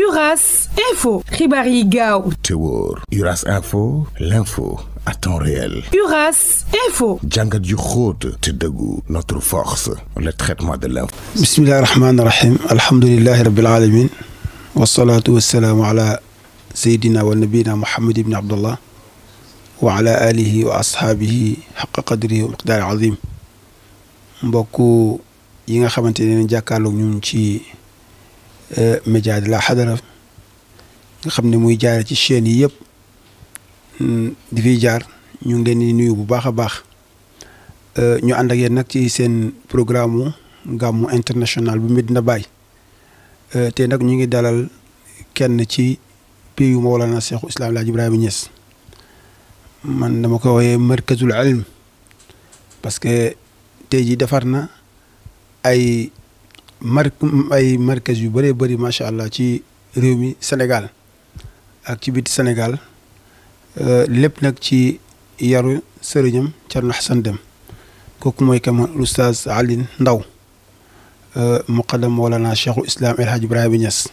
Uras Info, Ribari Gao. Tewor, Uras Info, l'info à temps réel. Uras Info. Djanga du Yukhout, Tedagou, notre force, le traitement de l'info. Bismillah ar-Rahman ar-Rahim, Alhamdulillah Rabbil Alamin, wa salatu wa salamu ala Sayyidina wa Nabina Muhammad ibn Abdullah, wa ala alihi wa ashabihi, haqqa qadri wa miqdari azim. Mboku, yinga nga xamantene lo ñun Mboku, la Xadara nga xam ne muy jaare ci chaîne yi yëpp mm, di fiy jaar ñu ngi leen di nuyu bu baax a baax euh, ñu ànd ak yéen nag ci seen programme mu gàmmu international bu Medina Baye euh, te nag ñu ngi dalal kenn ci pays yu Mawlana Seexu Islaam Laaj Ibrahima Niass man dama ko wooyee markazul ilm parce que tey jii defar na ay. mar ay markaz yu bëree bari macha allah ci réew mi Sénégal ak ci biti Sénégal euh, lépp nag ci yaru sëriñam Thierno Hassane dem kooku mooy kam oustaz Alioune Ndao euh, muqaddam Mawlana Cheikhul Islam El Hadj Ibrahima Niass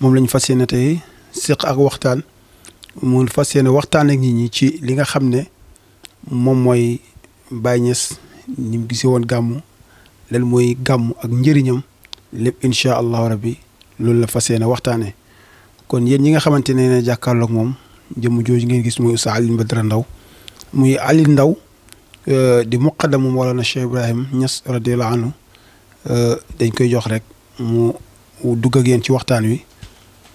moom lañu fas yéene tey siq ak waxtaan mu fas yéene waxtaan ak nit ñi ci li nga xam ne moom mooy Baye Niass ni gisee woon gàmmu lan moy gam ak njëriñam lépp insha allah rabbi loolu la fas waxtane kon yéen yi nga xamantene ne jakarlo ak mom jëm jooju ngeen gis moy oustad Alioune Badara ndaw moy Ali Ndao di muqaddam wala na Cheikh Ibrahim Niass radiyallahu anhu dañ koy jox rek mu dug ak yéen ci waxtaan wi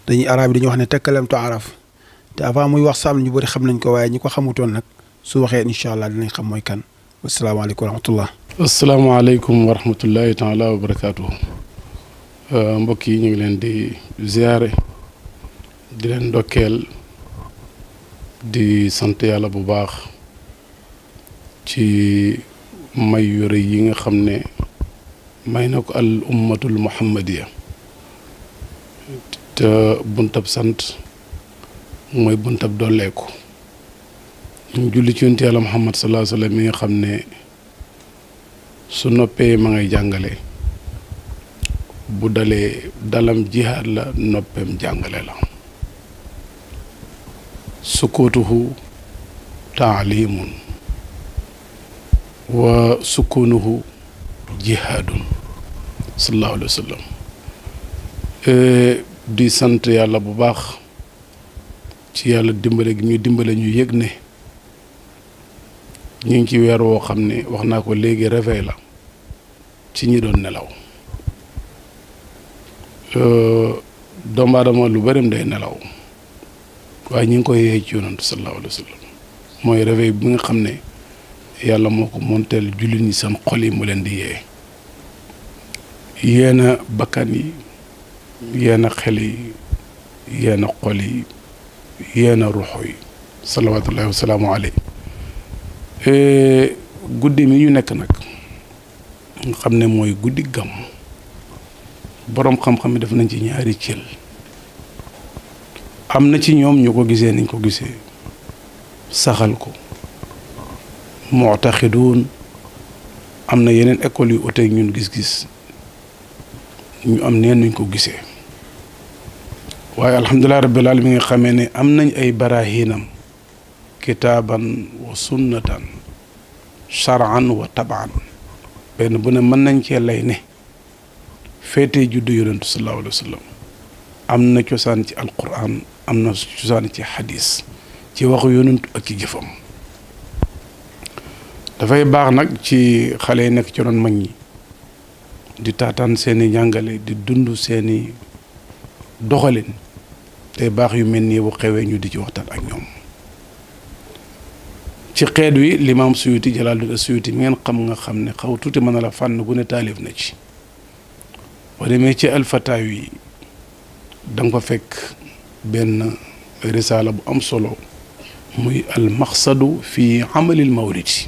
dañuy arab yi wax ne takalam tu araf te avant muy wax sam ñu bari xam nañ ko waye ñi ko xamutoon nak su waxe incha allah dinañ xam moy kan assalamu alaykum wa rahmatullah asalaamaaleykum wa rahmatullahi taala wa barakaatuhu mbokk yi ñu ngi leen di ziare di leen ndokkeel di sant yàlla bu baax ci may yu rëy yi nga xam ne may na ko al ummatul muhammadiya te buntab sant mooy buntab dolleeku ñu julli ci yonent yàlla muhammad salaa sallam mi nga xam ne su noppee ma ngay jàngale bu dalee dalam jihaad la noppeem jàngale la sukutuhu taalimun wa sukunuhu jihaadun sallallahu alayhi e, di sant yàlla bu baax ci yàlla dimbale gi ñuy dimbale ñu yëg ne ñu ngi ci weer woo xam ne wax naa ko léegi réveil la ci ñi doon nelaw euh, doomu aadama lu bërim day nelaw waaye ñu ngi koy yee ci yonantu sallallahu alayhi wa mooy réveil bi nga xam ne yàlla moo ko monteel jullit ñi seen xol yi mu leen di yee yeena bakkan yi yeena xel yi yeena xol yi yeena ruux yi salawatullahi wasalaamu aleyhi E, guddi mi ñu nekk nag nga xam ne mooy guddi gàmm boroom xam-xam yi def nañ ci ñaari cël am na ci ñoom ñu ko gisee nañ ko gisee saxal ko mu'taxiduun am na yeneen école yu ute ñun gis-gis ñu am neen nuñ ko gisee waaye alhamdulilah rabbil laal mi nga xamee ne am nañ ay barahinam kitaaban wa sunnatan charan wa tabaan benn bu ne mën nañ cee lay ne féetee juddu yonentu sallallahu alayhi wa am na cosaan ci alquran am na cosaan ci xadis ci waxu yonentu ak ci jëfam dafay baax nag ci xale yi nekk ci ron mag ñi di taataan seeni jàngale di dund seeni doxalin te baax yu mel nii bu xewee ñu di ci waxtaan ak ñoom ci xeet wi limaam suyuti jalaaluddin suyuti mi ngeen xam nga xam ne xaw tuuti mën a la fànn gu ne taalif na ci boo demee ci alfataaw yi da nga ko fekk benn risaala bu am solo muy al almaxsadu fi amalil mawlidi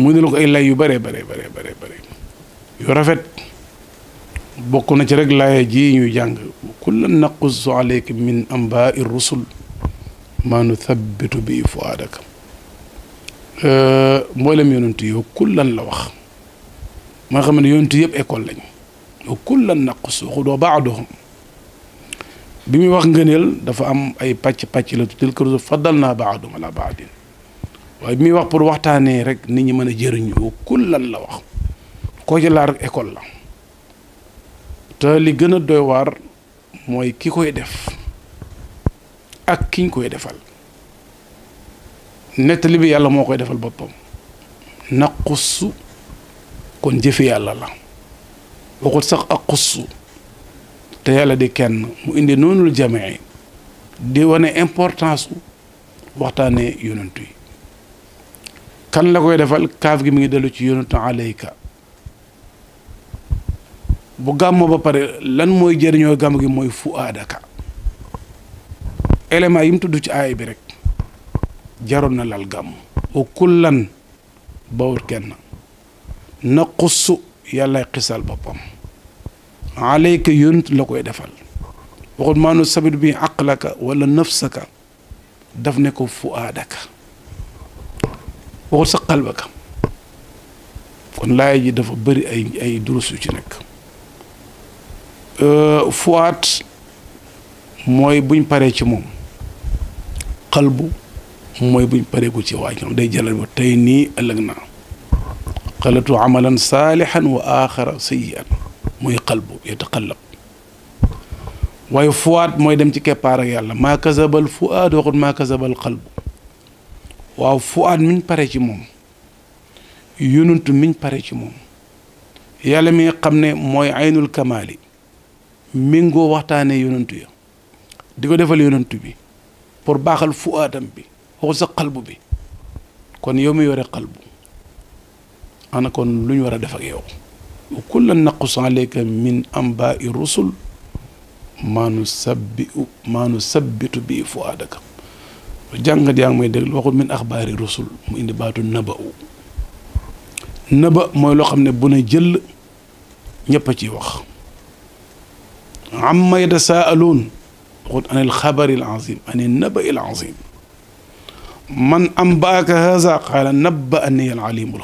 mu ne la ko ay lay yu bare bare bare bare bare yu rafet bokk na ci rek laaya ji ñuy jàng kullan naqussu alayka min ambaa'i rusul maanu nu thabbitu bi fuaadaka euh, mboolem yonent yi kullan la wax ma nga xam ne yonent yëpp école lañ wa kullan naqsu xudoo baadohum bi muy wax ngëneel dafa am ay pàcc-pàcc la tilka faddal naa baadum ala baadin waaye muy wax pour waxtaanee rek nit ñi mën a jëriñu wa kullan la wax koo ci laa école la te li gën a doy waar mooy ki koy def ak kiñ koy defal nettali bi yàlla moo koy defal boppam naqussu kon jëfe yàlla la waxut sax aqussu te yàlla di kenn mu indi noonul jamee di wane importance waxtaanee yonent yi kan la koy defal kaaf gi mu ngi dellu ci yonentu alayka bu gàmmoo ba pare lan mooy jëriñoo gàmm gi mooy fu aadaka éléments yi mu tudd ci aaya bi rek jaroon na lal gàmm wa kullan bawut kenn na xussu yàllay xisal boppam alayka yonent la koy defal waxut maa nu sabit bi aqlaka wala nafsaka daf ne ko fuaadaka waxut ji dafa bëri ay ay durus yu ci nekk euh, fuaat mooy buñ paree ci moom xalbu mooy buñ pareeku ci waaj xam day jëlal ba tey nii ëllëg naa xalatu amalan saalihan wa axara sayian mooy xalbu yataqallab waaye fuwaat mooy dem ci keppaar ak yàlla maa kasabal fuaad waxut maa kasabal xalbu waaw fuaat miñ pare ci moom yonuntu miñ pare ci moom yàlla mi nga xam ne mooy aynul kamaali méngoo waxtaanee yonantu ya di ko defal yonantu bi pour baxal fu aadam bi ho sa qalbu bi kon yomi yore qalbu ana kon luñu wara def ak yow wa kullan naqus alayka min anba'i rusul ma nu sabbi maa bi fuadak jàngat yang ngi may déglu waxul min akhbari rusul mu indi batu naba'u naba moy lo xamne bu ne jël ñëpp ci wax amma yatasaaluun xul an il xabari il azim an il naba ani al alimu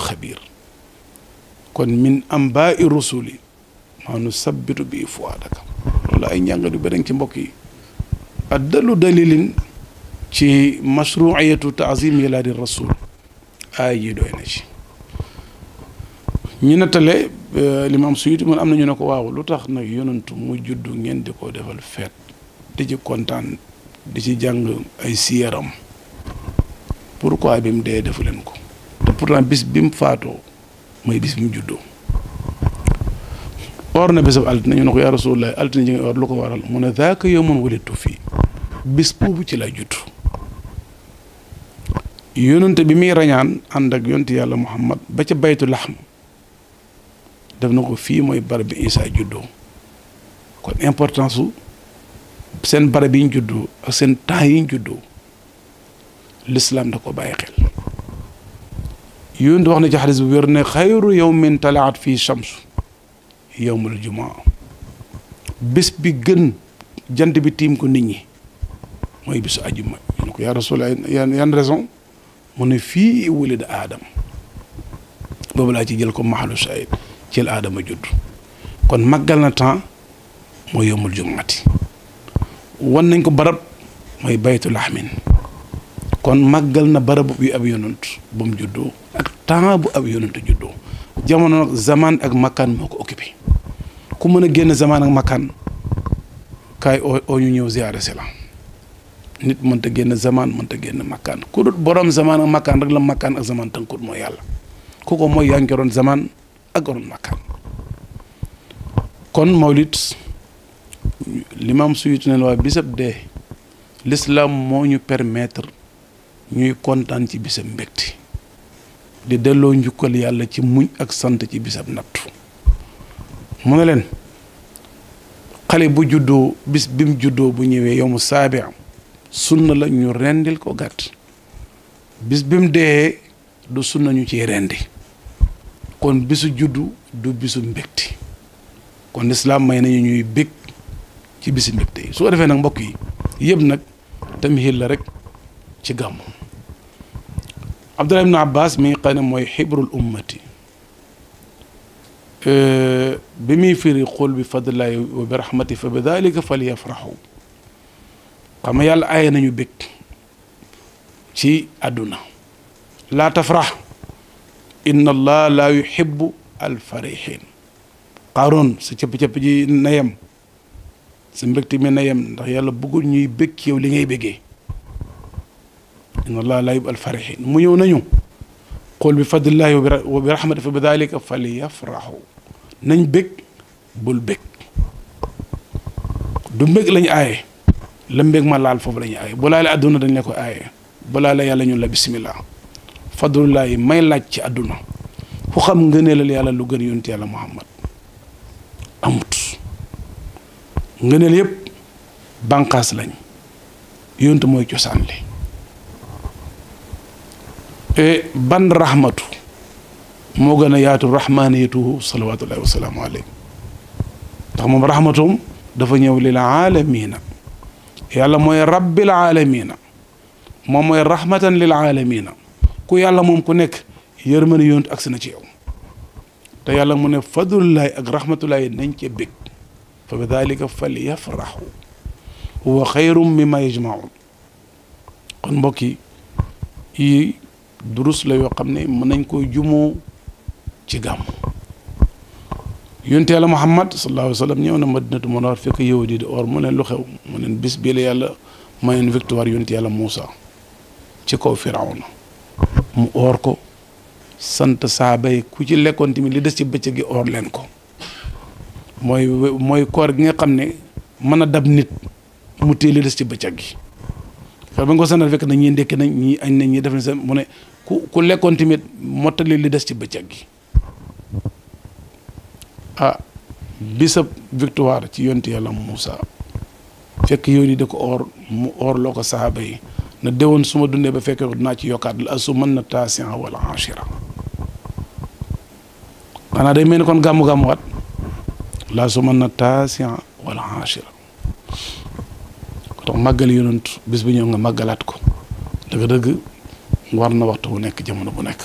kon min ambaai rusuli maa nu sabbitu bi fuwaadaka loolu ay njàngat yu bëri ci mbokk yi addalu dalilin ci mashruiyatu taazim yilaadi rasul aay yi doy na ci ñu nettale limaam suyuti man am na ñu ne ko waaw lu tax nag yonantu mu juddu ngeen di ko defal feet di ci kontaan di ci jàng ay siyaram pourquoi bi mu dee defu leen ko te pourtant bis bi mu faatoo mooy bis bi mu juddoo or na bisab altine ñu ne ko yaa rasulullah altine or lu ko waral mu ne daaka yawmun wulidtu fii bis boobu ci la judd yonente bi muy rañaan ànd ak yonte yàlla muhammad ba ca baytu laxm def na ko fii mooy barab bi isa juddoo kon importance su seen barab yi ñu juddoo ak seen temps yi ñu juddoo lislaam da ko bàyyi xel yoon di wax na ci xadis bu wér ne xayru yawmin talaat fi chamsu yawmul jumaa bis bi gën jant bi tiim ko nit ñi mooy bisu ajuma ñu ko yaa rasul yan yan raison mu ne fii wulida aadama boobu laa ci jël ko mahalu shahid ci la aadama judd kon màggal na temps mooy yawmul jumaati wan nañ ko barab mooy baytu laxmin kon màggal na barab bi ab yonant ba mu juddoo ak temps bu ab yonant juddoo jamono nag zamaan ak makkaan moo ko occupé ku mën a génn zamaan ak makkaan kaay oo oo ñu ñëw ziyaare si la nit mënta génn zamaan mënta génn makkaan ku dut borom zamaan ak makkaan rek la makkaan ak zamaan tënkut mooy yàlla ku ko mooy yaa ngi zamaan ak goroon makkaan kon mawlit l'imam Suyuti neen waa bisab de l'islam moo ñu permettre ñuy kontaan ci bisab mbégte di delloo njukkal yàlla ci muñ ak sant ci bisab nattu mu ne leen xale bu juddoo bis bi juddoo bu ñëwee yow mu saabi am sunna la ñu rendil ko gàtt bis bi mu dee du sunna ñu ciy rendi kon bisu juddu du bisu mbégte kon lislaam may nañu ñuy bég ci bisi ndëpp tey su ko defee nag mbokk yi yeb nak tamhil la rek ci gam Abdullah ibn Abbas mi qana moy hibrul ummati bi muy firi qul bi fadlillahi wa bi rahmati fa bidhalika falyafrahu xam yal ay nañu bekk ci aduna la tafrah ان الله لا يحب alfarixin قارون sa cëpp-cëpp ji nayam سمبكتي من أيام ريال بقول ني بك يو لي ني إن الله لا يبقى الفرحين ميو نيو قل ان الله وبرحمة فبذلك فليفرحوا نن بك بول ان الله بك لن آي لم بك ما لال فوب لن آي ان الله دن لكو آي بلا لأيال لن يولا بسم الله فضل الله ما يلاك أدونا فخم غنيل يالا لغن ينتي على محمد أموت ngëneel yëpp bànqaas lañ yoontu mooy cosaan li e ban rahmatu moo gën a yaatu rahmaniyatuhu salawatullahi wa salaamu alayhi ndax moom rahmatum dafa ñëw lil aalamiina yàlla mooy rabbil aalamiina moom mooy rahmatan lil aalamiina ku yàlla moom ku nekk yërmande yontu agsi na ci yow te yàlla mu ne fadlullahi ak rahmatullahi nañ cee bég فبذلك فليفرحوا هو خير مما يجمعون كون بوكي اي دروس لا يو خامني من نكو جومو تي غام يونتي محمد صلى الله عليه وسلم نيو نا مدينه منار فيك يو دي اور من لو خيو من بيس بي الله يالا ماين فيكتوار يونتي الله موسى تي كو فرعون مو اور كو سنت صحابه كو تي ليكون تي لي دسي بيتي اور لين كو mooy mooy koor gi nga xam ne mën a dab nit mu téye li des ci bëccëg gi fa ba nga ko sanal fekk na ñi ndekki nañ ñii añ nañ ñii def nañ seen mu ne ku ku lekkoon tamit mottali li des ci bëccëg gi ah bisab victoire ci yonti yàlla Moussa fekk yoon yi da ko or mu or loo ko saaba yi na déwoon su ma dundee ba fekkee ko dinaa ci yokkaat la asu mën na taasian wala anchira xanaa day mel ni kon gàmmu gàmmuwaat mën na taasia wala achira tax màggal yonent bis bu ñëw nga màggalaat ko dëgg-dëgg war na waxtu wu nekk jamono bu nekk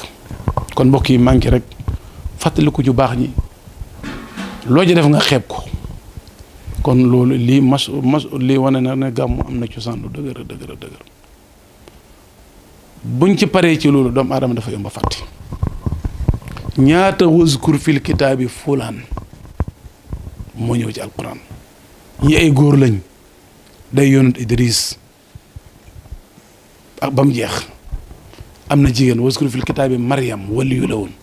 kon mbokk yi manqué rek fàttaliku ju baax ñi loo ji def nga xeeb ko kon loolu lii mas mas lii wane na ne gàmmu am na cosaan lu dëgër dëgër dëgër buñ ci paree ci loolu doomu aadama dafa yomba fàtte ñaata wëzkur fil kitaabi fulaan moo ñëw ci alquran ñi ay góor lañ day yonent Idris ak ba jeex am na jigéen fil kitab Maryam waliyu la woon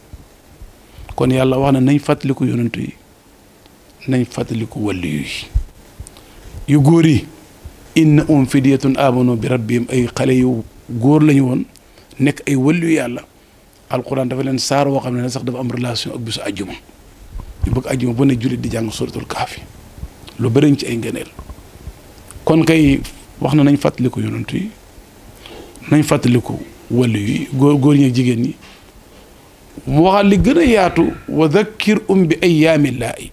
kon yàlla wax na nañ fàttaliku yonent yi nañ fàttaliku waliyu yi yu góor yi inna um fidiyatun amanu bi rabbihim ay xale yu góor lañu woon nekk ay waliyu yàlla alquran dafa leen saar woo xam sax dafa am relation ak bisu àjjuma ñu bëgg ajjuma bu ne jullit di jàng suratul kaafi lu bëriñ ci ay ngëneel kon kay wax na nañ fàttaliku yonent yi nañ fàttaliku wàllu yi góor góor ñi ak jigéen ñi waxal li gën a yaatu wa dhakkir um bi ay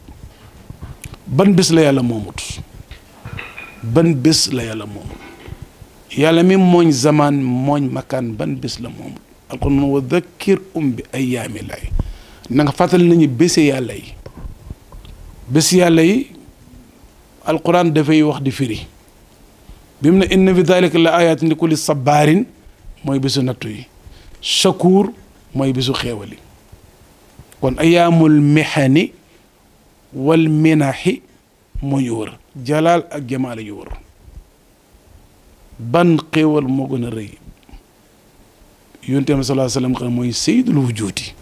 ban bés la yàlla moomut ban bés la yàlla moomut yàlla mi mooñ zamaan mooñ makaan ban bés la moomut alxuraan wa dhakkir um bi ayyaamillaahi na nga fàttali nañu bése yàlla yi bés yàlla yi alquran dafay wax di firi bi mu ne inna fi dalika la ayatin li kulli sabaarin mooy bisu nattu yi shakuur mooy bisu xéewali kon ayamul mihani wal minahi moo ñu wër jalaal ak jamaa la wër ban xéewal moo gën a rëy yonent bi sallallahu alayhi wa sallam xam mooy sayyidul wujudi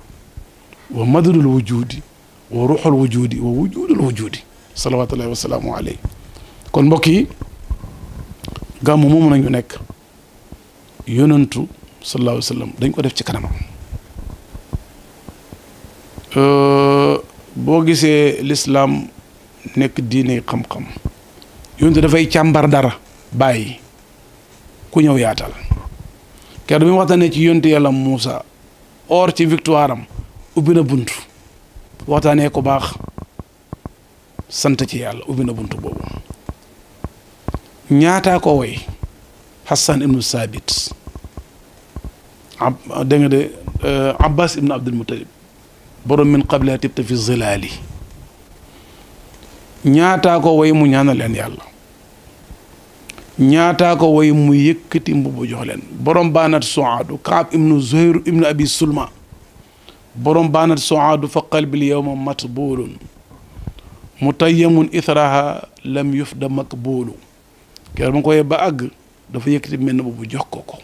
wa madadul wujudi wa ruuxul wujudi wa wujudul wujudi salawaatullahi wa salaamu alayhi kon mbokk yi gàmmu moomu nañu nekk yonantu sallallahu alayhi wa sallam dañ ko def ci kanamam boo gisee lislaam nekk diine xam-xam yonantu dafay càmbar dara bàyyi ku ñëw yaatal ker bi mu waxtaanee ci yonantu yàlla Muusa or ci victoire am ubbi na bunt waxtaanee ku baax sant ci yàlla ubbi na bunt boobu ñaataa ko woy Hassan ibnu Saabit ab dégg nga de euh, Abbas ibnu Abdul Muttalib borom min qabla tibta fi zilaali ñaataa ko woy mu ñaanal leen yàlla ñaataa ko woy mu yëkkati mbubu jox leen borom baanat suaadu Kaab ibnu Zuhayr ibnu Abi Sulma borom baanar soaadu fa qalbil yowma matbuulun mutayyamun ithraha lam yufda makbuulu keroog ma koy ba àgg dafa yëkkati mel na bu jox ko ko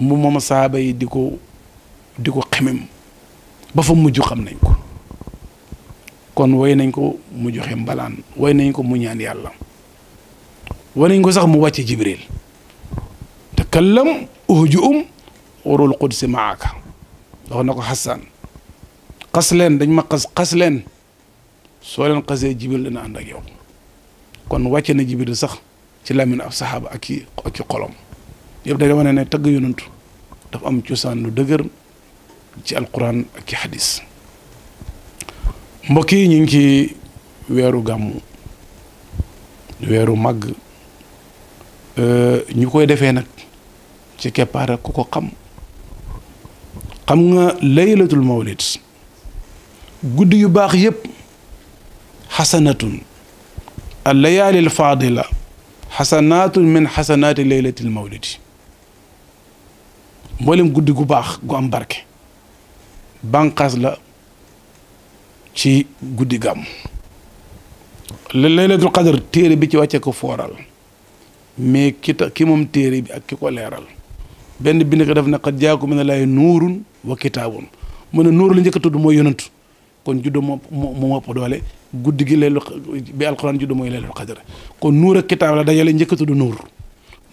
mu moom saaba yi di ko di ko xemem ba fa mujj xam nañ ko kon way nañ ko mu joxe mbalaan way nañ ko mu ñaan yàlla way nañ ko sax mu wàcce jibril takallam uhju um warul qudsi maaka wax na ko xasaan xas leen dañ ma xas xas leen soo leen xasee jibril dina ànd ak yow kon wàcce na jibril sax ci làmmiñ ab saxaaba ak ci ak ci xolom yëpp wane ne tagg yonent dafa am cosaan lu dëgër ci alquran ak ci xadis mbokk yi ñu ngi ci weeru gàmmu weeru màgg ñu koy defee nag ci keppaar ku ko xam xam nga laylatul mawlid guddi yu baax yépp xasanatun al layaali al faadila xasanaatun min xasanaati laylatil mawlid mboolem guddi gu baax gu am barke bànqaas la ci guddi gàmm laylatul qadr téere bi ci wàcce ko fooral mais ki ta ki moom téere bi ak ki ko leeral benn bind ko def ne qad jaakum min allaahi nuurun wa kitaabun mu ne nuur la njëkk a tudd mooy yonantu kon juddu moo moo ëpp doole guddi gi leelu bi alquran juddu mooy leelu xadar kon nuur ak kitaab la dajale njëkk a tudd nuur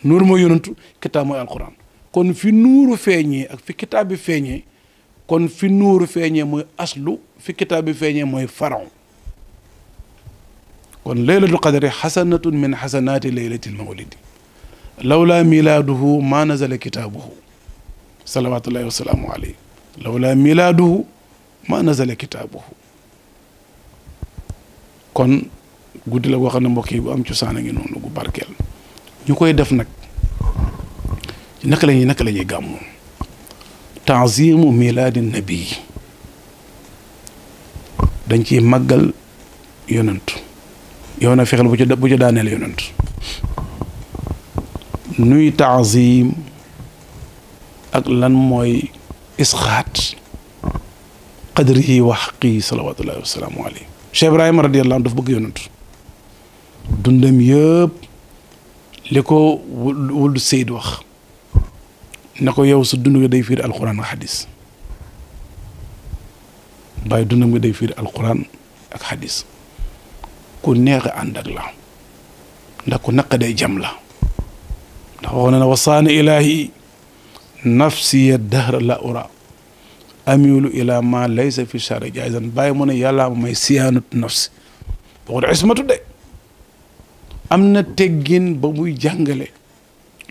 nuur mooy yonantu kitaab mooy alquran kon fi nuuru feeñee ak fi kitaab bi feeñee kon fi nuuru feeñee mooy aslu fi kitaab bi feeñee mooy faraw kon laylatul qadri xasanatun min xasanaati laylatil mawlidi lawlaa milaaduhu maa nazala kitaabuhu salawaatullahi wa salaamu alayhi milaaduhu maa nazala kitaabuhu kon guddi la goo xam ne mbokk yi bu am cosaan a ngi noonu gu barkeel ñu koy def nag ci naka la lañuy naka la ñuy gàmmu tanzimu milaadi nabi dañ ci màggal yonent yow na fexeel bu ca bu ca daaneel yonent nuy taazim ak lan mooy isxaat qadrihi wa xaqi salawatullahi wasalaamu alayhi Cheikh Ibrahima radiallahu anhu daf bëgg yonantu dundam yëpp li ko wuldu Seyd wax na ko yow su dund nga day fiir alquran ak xadis bàyyi dundam nga day fiir alquran ak xadis ku neex ànd ak la ndax ku naq day jam la نحن نوصان إلهي نفسي الدهر لا أرى أميل إلى ما ليس في شرع جائزا باي من يلا ما سيانة نفسي وقد عصمة دي أمنا تجين بموي جانجلي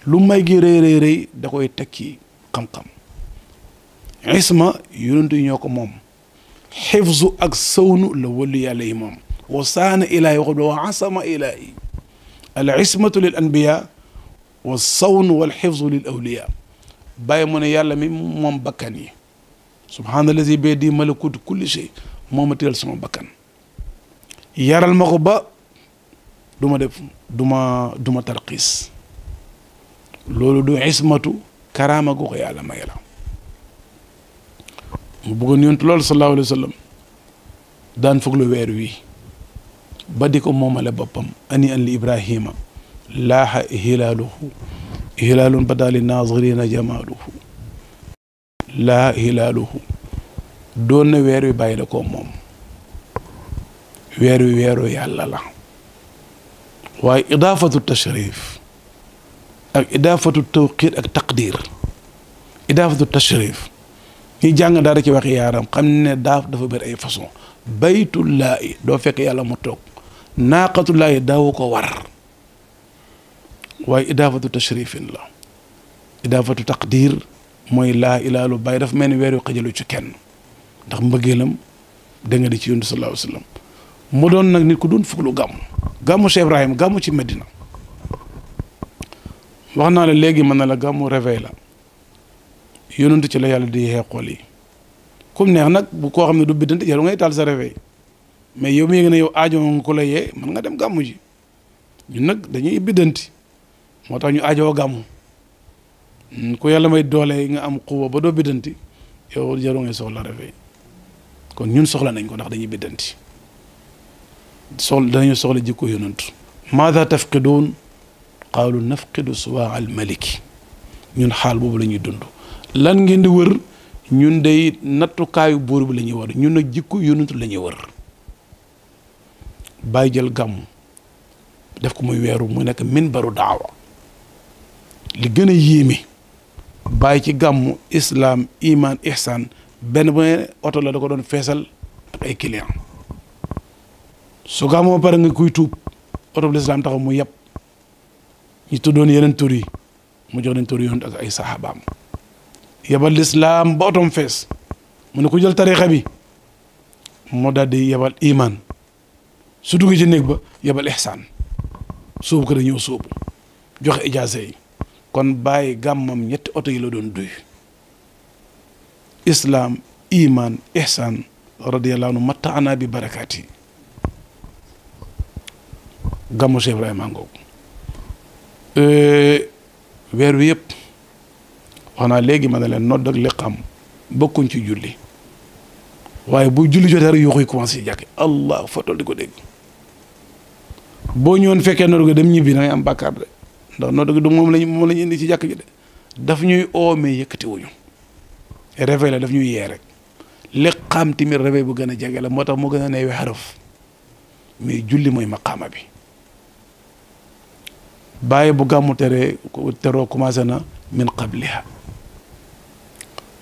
لما يجي ري ري ري دكو يتكي قم قم عسمة يرندو نيوكو موم حفظ أك لولي عليه موم وصان إلهي وقد وعصم إلهي العصمة للأنبياء والصون والحفظ للأولياء باي من يالا مي موم بكاني سبحان الذي بيدي ملكوت كل شيء موم تيل سما بكان يارال مخو با دوما ديف دوما دوما ترقيس لولو دو عصمتو كرامه كو يالا ما يالا بوغن يونت لول صلى الله عليه وسلم دان فوك لو وير وي با ديكو مومال بوبام اني ان لابراهيم لاح هلاله هلال بدا للناظرين جماله لاح هلاله doon na weer wi bàyyi la ko moom weer wi weeru yàlla la waaye idaafatu tashrif ak idaafatu tawqir ak taqdir idaafatu tashrif ñi jàng daara ci waxi yaaram xam ne daaf dafa bëri ay façon baytullaahi doo fekk yàlla mu toog naaqatullaahi daawu ko war waaye idaafatu tashrifin la idaafatu taqdir mooy la ilaalu bàyyi dafa mel ni weer yu xajalu ci kenn ndax mbëggeelam da nga di ci yonent sallallahu alayhi wa mu doon nag nit ku doon fuglu gàmmu gàmmu Cheikh Ibrahim gàmmu ci Medina wax naa la léegi mën na la gàmmu réveil la yonent ci la yàlla di yee xol yi comme neex nag bu koo xam ne du biddante yow ngay taal sa réveil mais yow mi ngi ne yow aajo nga ko yee mën nga dem gàmmu ji ñun nag dañuy biddanti moo tax ñu aajoo gàmmu mm, ku yàlla may doole nga am xuwa ba doo biddanti yow jarul ngay soxla refee kon ñun soxla nañ ko ndax dañuy biddanti soxla danañu soxla jikko yonantu maada tafqiduun qaalu nafqidu suwaa al maliki ñun xaal boobu la ñuy dund lan ngeen di wër ñun day nattukaayu buur bi la ñuy wër ñun nag jikko yonantu la ñuy wër jël gàmm def ko muy weeru mu nekk minbaru daawa li gën a yéeme bàyyi ci gàmmu islaam imaan ihsan benn bu ne oto la da ko doon feesal ak ay client su gàmmoo pare nga kuy tuub oto bu lislaam taxaw mu yàpp ñu tuddoon yeneen tur mu jox leen tur yoon ak ay saxaabaam yebal lislaam ba otom fees mu ne ku jël tarixa bi moo daal di yebal iman su duggee ci néeg ba yebal ihsan sóobu ko dañoo sóobu joxe ijaasa yi kon bàyyi gàmmam ñetti oto yi la doon duy islaam iman ihsan radiyallahu anhu matta ana bi barakaat yi gàmmu Cheikh Ibrahima ngoog e, weer yëpp wax naa léegi ma ne leen nodd ak liqam bokkuñ ci julli waaye bu julli jotee rek yoo koy commencé jàkke allah fa toll di ko dégg boo ñëwoon fekkee noonu ko dem ñibbi da ngay am bàkkaar de ndax noo dëgg du moom lañ moom lañ indi ci jàkk ji de daf ñuy oomee yëkkatiwuñu réveil la daf ñuy yee rek liqaam tamit réveil bu gën a jege la moo tax moo gën a neewe xaraf mais julli mooy maqaama bi bàyyi bu gàmmu tere teroo commencé na min qabliha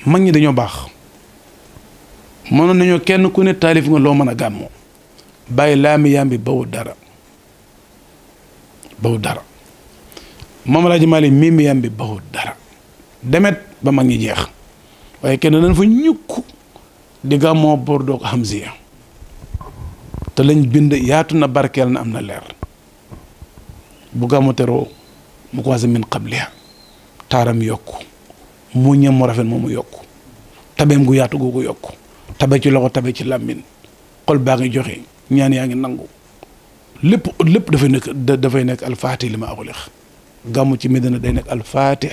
mag ñi dañoo baax mënoon nañoo kenn ku ne taalif nga loo mën a gàmmoo bàyyi laami yaam bi bawu dara bawu dara Maam Alaaji Maalik mii mi yam bi baxut dara demet ba mag ñi jeex waaye kenn dañ fa ñukk di gàmmoo Bordeaux ko Hamziya te lañ bind yaatu na barkeel na am na leer bu gàmmu teroo mu commencé min qabliha taaram yokku mu ñem mu rafet moomu yokk tabeem gu yaatu googu yokk tabe ci loxo tabe ci làmmin xol baa ngi joxe ñaan yaa ngi nangu lépp lépp dafay nekk dafay nekk alfaati li ma axulix gàmmu ci Medina day nekk alfatih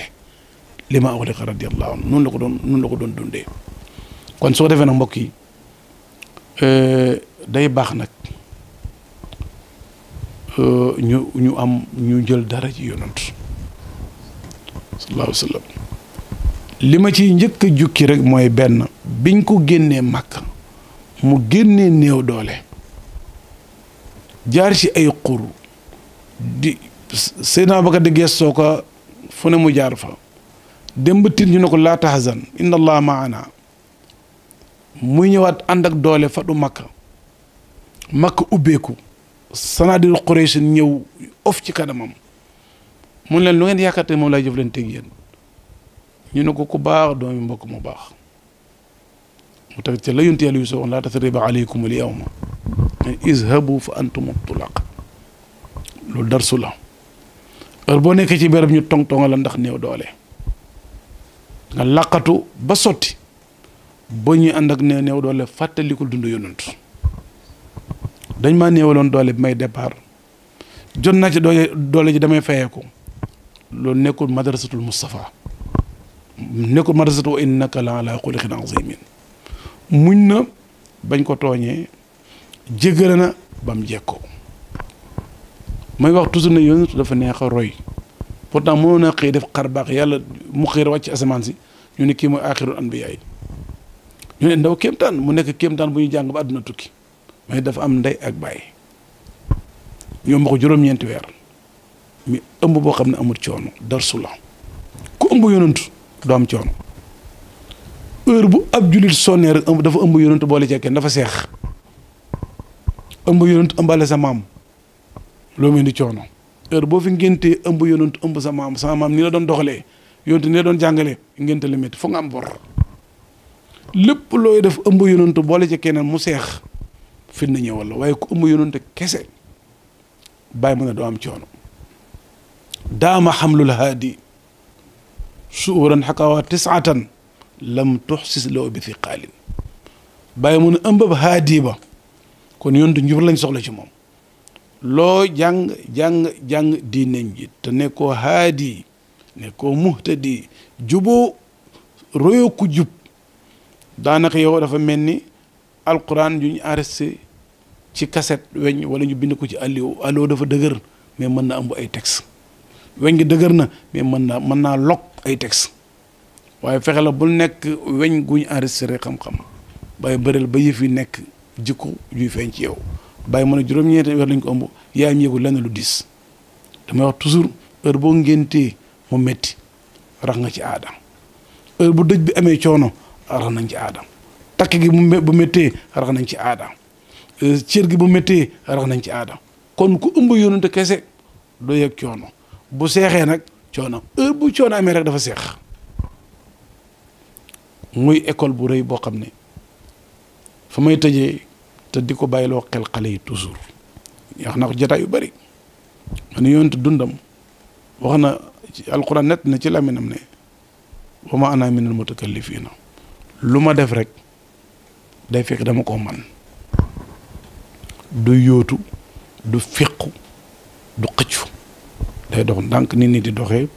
li ma ughliqa radiyallahu anhu noonu la ko doon noonu la ko doon dundee kon soo defee nag mbokk yi euh, day baax nag euh, ñu ñu am ñu jël dara ci yonant li ma ciy njëkk a jukki rek mooy benn biñ ko génnee màkk mu génnee néew doole jaar ci ay xur سيدنا بكر دجس سوكا فني مجارفة دم بتين جنوك لا تحزن إن الله معنا مينيوات عندك دولة فاتو مكة مكة أبيكو سنادي القريش نيو أفتي كدمم من لن نوين دي أكتر مولا جفلن تيجين جنوك كبار دوم يمبك مباخ متفت لا ينتهي اليسوع لا تثريب عليكم اليوم اذهبوا فأنتم الطلاق لو درسوا لهم heure boo nekkee ci béréb ñu tong tonga la ndax néew doole nga làqatu ba sotti ba ñuy ànd ak néew néew doole fàttalikul dund yonant dañ maa néewaloon doole bi may départ jot naa ci doole doole ji damay fayeeku loolu nekkul madrasatul Moustapha nekkul madrasatu wa innaka la ala xuliqin azimin muñ na bañ ko tooñee jéggale na bam jekkoo may wax toujours na yonent dafa neex a roy pourtant mënoon naa xëy def xar baax yàlla mu xëy wàcc asamaan si ñu ne kii mooy aaxirul bi yi ñu ne ndaw kéemtaan mu nekk taan bu ñuy jàng ba àdduna tukki mais dafa am ndey ak baay ñoom ba ko juróom-ñeenti weer mi ëmb boo xam ne amul coono darsu la ku ëmb yonantu doo am coono heure bu ab jullit sonnee ëmb dafa ëmb yonantu boole cekkeen dafa seex ëmb yonantu ëmbale sa maam loo mel ni coono heure boo fi ngéntee ëmb yonent ëmb sa mam sa mam ni la don doxale yonent ni la doon jàngalee ngénte la métti foog nga am bor lépp loy def ëmb yonent boole ci kenen mu xeex fi na ñëwal la waaye ku ëmb yonent kessé bay mëna do am coono dama hamlul hadi shuuran haqawa tis'atan lam tuhsis lo bi thiqalin bay mëna ne ëmb ba ba kon yonent ñu lañ soxla ci mom loo jàng jàng jàng diine ji te nekkoo haadi nekkoo muhtadi juboo royo ku jub daanaka yow dafa mel ni alquran yu ñu enregistré ci cassette weñ wala ñu bind ko ci allo allo dafa dëgër mais mën na ëmb ay texte weñ gi dëgër na mais mën naa mën naa lok ay tex waaye fexe la bul nekk weñ guñ enregistré xam-xam bay bëreel ba yëf yi nekk jikko yuy feeñ ci yow bàyyi ma ne juróom-ñeenti weer lañ ko ëmb yaayam yëgul lenn lu diis damay wax toujours heure boo ngéntee mu metti rax nga ci aadam heure bu dëj bi amee coono rax nañ ci aadam takk gi bu méttee rax nañ ci aadam cër bu méttee rax nañ ci aadam kon ku ëmb yónante kese doo yëg coono bu seexee nag coono heure bu coono amee rek dafa seex muy école bu rëy boo xam ne fa may tëjee te di ko bàyyiloo xel xale yi toujours wax na ko jotaay yu bëri ma ne yonent dundam wax na ci alxuraan nett na ci laminam ne wa ma ana minal mutakallifiina lu ma def rek day fekk dama ko man du yóotu du fiqu du xëccu day dox ndànk nit ñi di doxee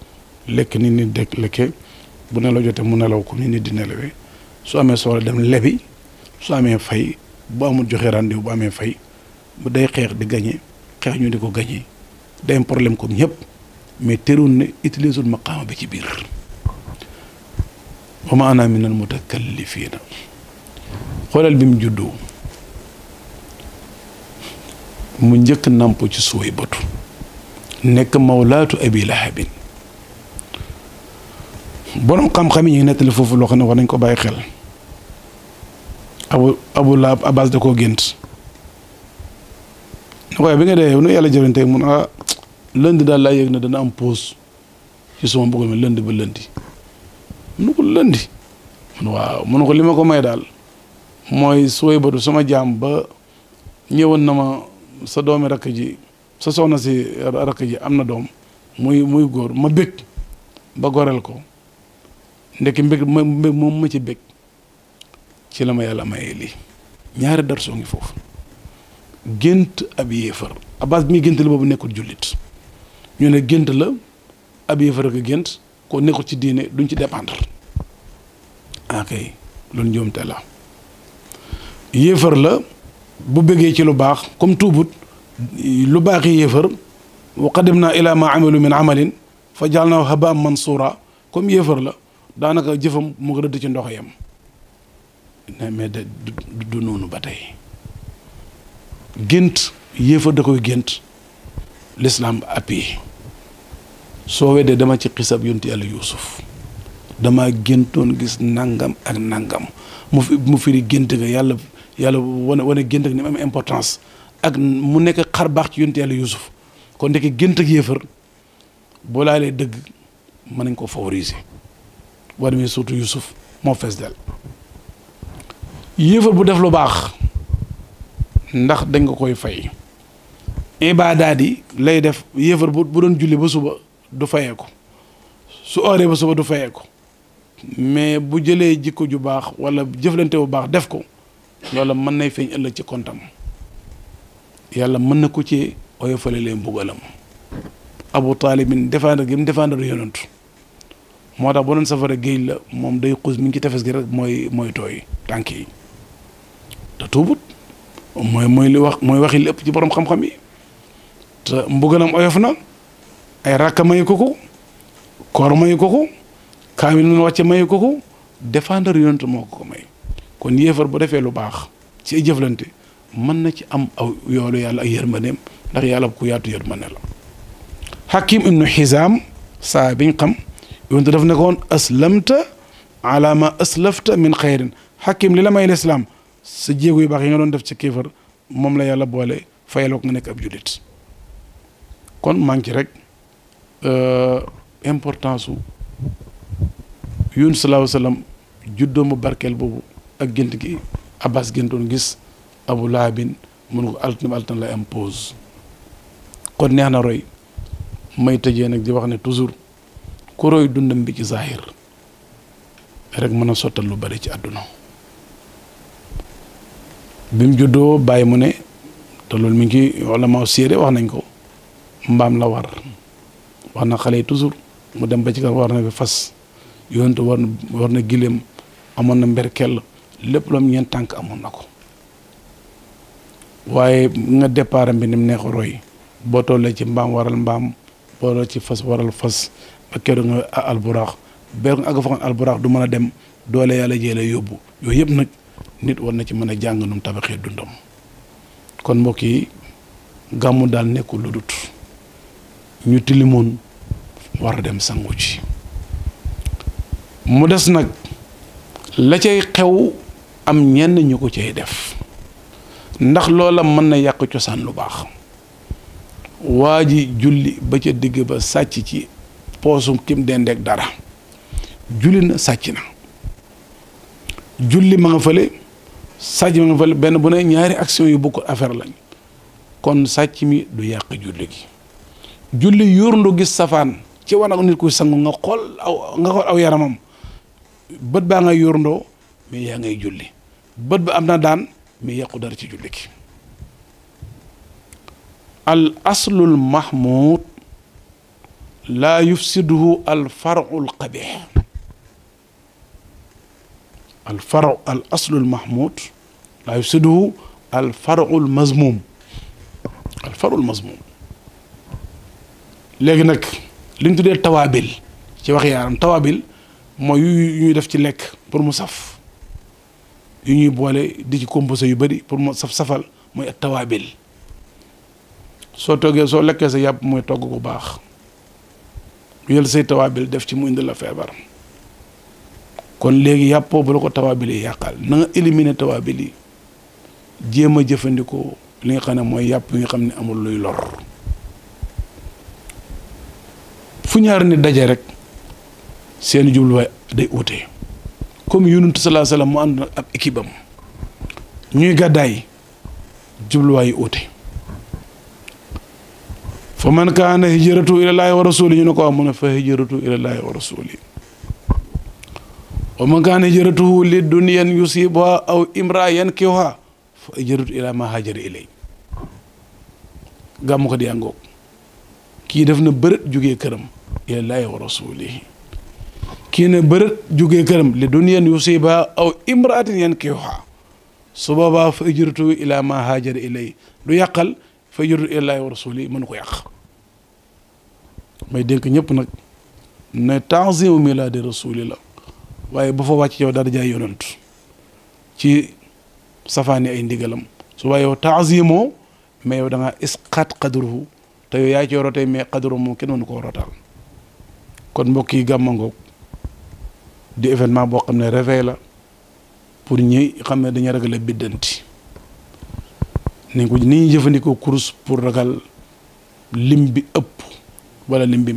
lekk nit ñi di lekkee bu nelaw jotee mu nelaw ko nit ñi di nelawee su amee soxla dem lebi su amee fay bu amul joxe rendez-vous bu amee fay mu day xeex di gagné xeex ñu di ko gagné day am problème comme ñëpp mais teewul ne utiliser wul maqaama bi ci biir wa ma ana min al mutakallifiina xoolal bi mu juddoo mu njëkk namp ci suuy batu nekk mawlaatu abi lahabin borom xam-xam yi ñu nettali foofu loo xam ne war nañ ko bàyyi xel abu abu laab abbas da koo gént waaye bi nga dee nu yàlla jëfante mun ah lënd daal laa yëg na dana am pause ci sama bëggoon mi lënd ba lëndi munu ko lëndi mun waaw munu ko li ma ko may daal mooy sooy batu sama jaam ba ñëwoon na ma sa doomi rakk ji sa soxna si rakk ji am na doom muy muy góor ma bëgg ba goreel ko ndekki mbég ma mbég ma ci bëgg ci la ma yàlla mayee lii ñaari darsoo ngi foofu gént ab yéefar abbas bi muy gént la boobu nekkul jullit ñu ne gént la ab yéefar ak gént ko nekkul ci diine duñ ci dépendre ah kay loolu njuumte la yéefar la bu bëggee ci lu baax comme tuubut lu baax yi yéefar wa naa ila ma amilu min amalin fa jaalnaahu man mansuura comme yéefar la daanaka jëfam mu ngi rëdd ci ndox yam mais de du noonu ba tey gént yéefar da koy gént l'islam appuyé soo weddee dama ci xisab yonti yàlla yuusuf dama géntoon gis nangam ak nangam mu fi mu firi gént nga yàlla yàlla wane wane gént ak ni mu am importance ak mu nekk xar baax ci yonti yàlla yuusuf kon ndeke gént ak yéefar boo laalee dëgg mën nañ ko favoriser boo demee surtout yuusuf moo fees del yéefar bu def lu baax ndax dañ nga koy fay ibaadaat lay def yéefar bu bu doon julli ba suba du fayee ko su ooree ba suba du fayee ko mais bu jëlee jikko ju baax wala jëflante bu baax def ko loola mën nay feeñ ëllëg ci kontam yàlla mën na ko ci oyofale leen mbugalam abu taalibin défendre gi mu défendre yonantu moo tax bu doon safara géej la moom day xuus mi ngi ci tefes gi rek mooy mooy tooy tànk yi te tuubut mooy mooy li wax mooy waxi li ëpp ci borom xam-xam yi te mbugalam oyof na ay rakka mayu ko ko koor mayu ko ko kaamil mun wàcce mayu ko ko défendre yonent moo ko ko may kon yéefar bu defee lu baax ci ay jëflante mën na ci am aw yoolu yàlla ak yërmandeem ndax yàlla ku yaatu yërmande la hakim ibnu xisaam saa biñ xam yonent daf ne ko woon aslamta ala ma aslafta min xayrin hakim li la may lislaam sa jéego yu baax yi nga doon def ci kéefar moom la yàlla boole fayaloo ko nga nekk ab jullit kon maa ngi ci rek euh, importance su yun salaahu salaam juddoomu barkeel boobu ak gént gi abbas géntoon gis abu lahabin mun ko altan altan la impose kon neex na roy may tëjee nag di wax ne toujours ku roy dundam bi ci zahir rek mën a sottal lu bari ci àdduna bi mu juddoo bàyyi mu ne te loolu mi ngi ci wala ma séeré wax nañ ko mbaam la war wax na xale yi toujours mu dem ba ci kan war na bi fas yonent war na war na gileem amoon na mber mberkel lépp loom ñeen tànk amoon na ko waaye nga départ bi ni mu neex roy boo tollee ci mbaam waral mbaam boo tollee ci fas waral fas ba keroog nga alburaax beer nga àgg fa alburaax du mën a dem doole yàlla jee la yóbbu yooyu yëpp nag nit war na ci mën a jàng nu mu tabaxee dundam kon mbokk yi gàmmu daal nekkul lu dut ñu tilimoon war a dem sangu ci mu des nag la cay xew am ñenn ñu ko cay def ndax loola mën na yàq cosaan lu baax waa ji julli ba ca digg ba sàcc ci poosum kim dendeek dara julli na sàcc na julli ma nga fële sàcc mi fa benn bu ne ñaari action yu bokkul affaire lañ kon sàcc mi du yàq julli gi julli yóorndu gis safaan ci wanag nit ku sangu nga xool aw yaramam bët baa nga yóorndoo mais yaa ngay julli bët ba am na daan mais yàqu dara ci julli gi al aslul mahmud laa yufsiduhu al farul qabih الفرع الأصل المحمود لا يفسده الفرع المزموم الفرع المزموم لكن نك لين تودي التوابل سي واخ يارام توابل ما يو ني داف سي ليك بور مصف يو ني بولي دي سي كومبوزي يو بري بور مصف سفال موي التوابل سو توغي سو لكي سي ياب موي توغو كو باخ يول سي توابل داف سي مو اندل فيبر kon léegi yàppoo bu la ko tawaabili yi yàqal na nga éliminer tawaabili yi jéem a jëfandikoo li nga xam ne mooy yàpp yi xam ne amul luy lor fu ñaar ni daje rek seeni jubluwaay day uute comme yonent salaa salaam mu ànd ab équipe ñuy gàddaay jubluwaay yi uute fa man kaana hijratu ilallaahi wa rasuli ñu ne ko am mu ne fa hijratu ilallaahi wa rasuli ومن كان هجرته للدنيا يصيبها أو امرأة ينكحها فهجرته إلى ما هاجر إليه gàmmu ko di àngoog kii def na bërët jógee këram ilallaahi wa rasulihi kii ne bërët jógee këram li duniyan yusiba aw imraatin yankihuha su boobaa fa ila ma haajara ilay du yàqal fa hijratu ilallaahi wa rasulihi mënu ko yàq may dénk ñëpp nag ne tanzimu milaadi rasuli waaye bu fa wàcc yow dara jaay yonant ci safaani ay ndigalam su waaye yow taazimoo mais yow da ngaa isqaat te yaay ci rootee mais qadru moom kenn mënu koo rootaal kon mbokk yi gàmmangoog di événement boo xam ne réveil la pour ñi xam ne dañuy ragale biddanti ni ko ni jëfandikoo course pour ragal lim bi ëpp wala lim bi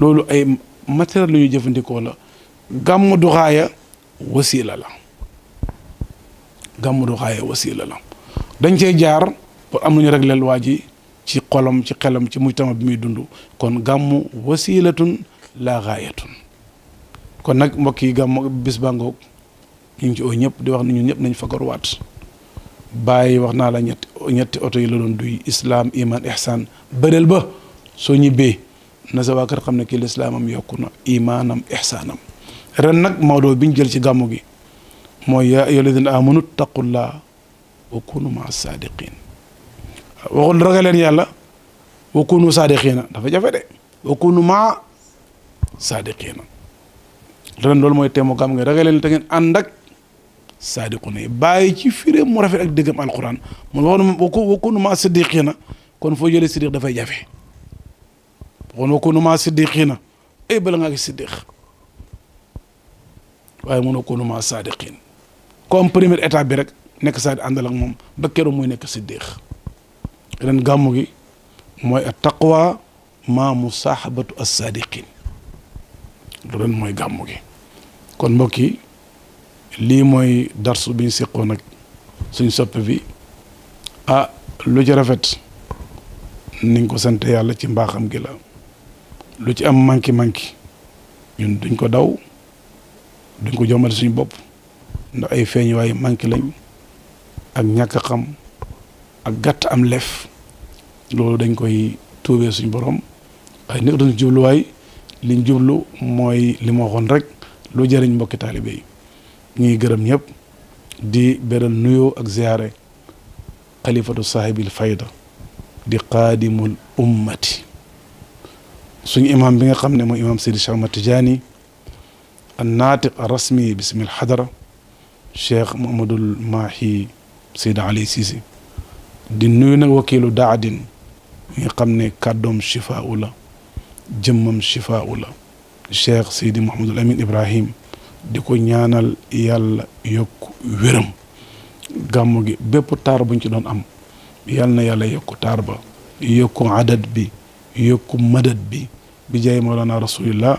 loolu ay matériel lu ñuy jëfandikoo la gàmmu du xaaya wasiila la gàmmu du xaaya wasiila la dañ cee jaar pour am nañu régleel waa ji ci xolam ci xelam ci mujtama bi muy dund kon gàmmu wasiilatun laa xaayatun kon nag mbokk yi gàmmu bis bàngoog ñu ñëpp di wax nañu ñëpp nañ fagaruwaat bàyyi wax naa la ñetti oto yi la doon duy islaam iman ihsan bëreel ba soo ñibbee na xam ne kii lislaamam yokku na imaanam ihsaanam ren nak mawdo bi jël ci gamu gi moy ya ayyuha alladina amanu taqullaha wa kunu ma sadiqin waxul ragal leen yàlla wa kunu sadiqina dafa jafe de wa kunu ma sadiqina ren lol moy teemu gam nga ragalen leen te ngeen andak sadiquna baye ci firé mu rafet ak dëggam alquran mu waxoon wa kunu ma sadiqina kon fo jël sidiq dafa jafe waxoon wa kunu ma sadiqina ay bal nga gis siddiq waaye mënoo ko nu ma saadiqin comme première étape bi rek nekk saadi àndal moom ba keroog muy nekk si déex ren gàmmu gi mooy at taqwa maa musaaxabatu as saadiqin lu ren mooy gàmmu gi kon mbokk yi lii mooy darsu bi ñu seqoon ak suñ soppe bi ah lu ci rafet niñ ko sant yàlla ci mbaaxam gi la lu ci am manki manki ñun duñ ko daw duñ ko jombale suñu bopp ndax ay feeñ waaye manqué lañ ak ñakk a xam ak gàtt am lef loolu dañ koy tuubee suñu borom waaye nekk duñ jubluwaay liñ jublu mooy li ma waxoon rek lu jëriñ mbokki taalibe yi ñuy gërëm ñëpp di beral nuyoo ak ziyaare xalifatu saahibil fayda di qaadimul ummati suñu imam bi nga xam ne mooy imam Seydi Cheikh Ahmad الناطق الرسمي باسم الحضره شيخ محمد الماحي سيد علي سيسي دي نوي نا وكيل داعدين ني خامني كادوم شفاء ولا جمم شفاء ولا شيخ سيدي محمد الامين ابراهيم ديكو نيانال يالا يوك ويرم غاموغي بيب تار بو نتي دون ام يالنا يالا يوك تار با يوك عدد بي يوك مدد بي بجاي مولانا رسول الله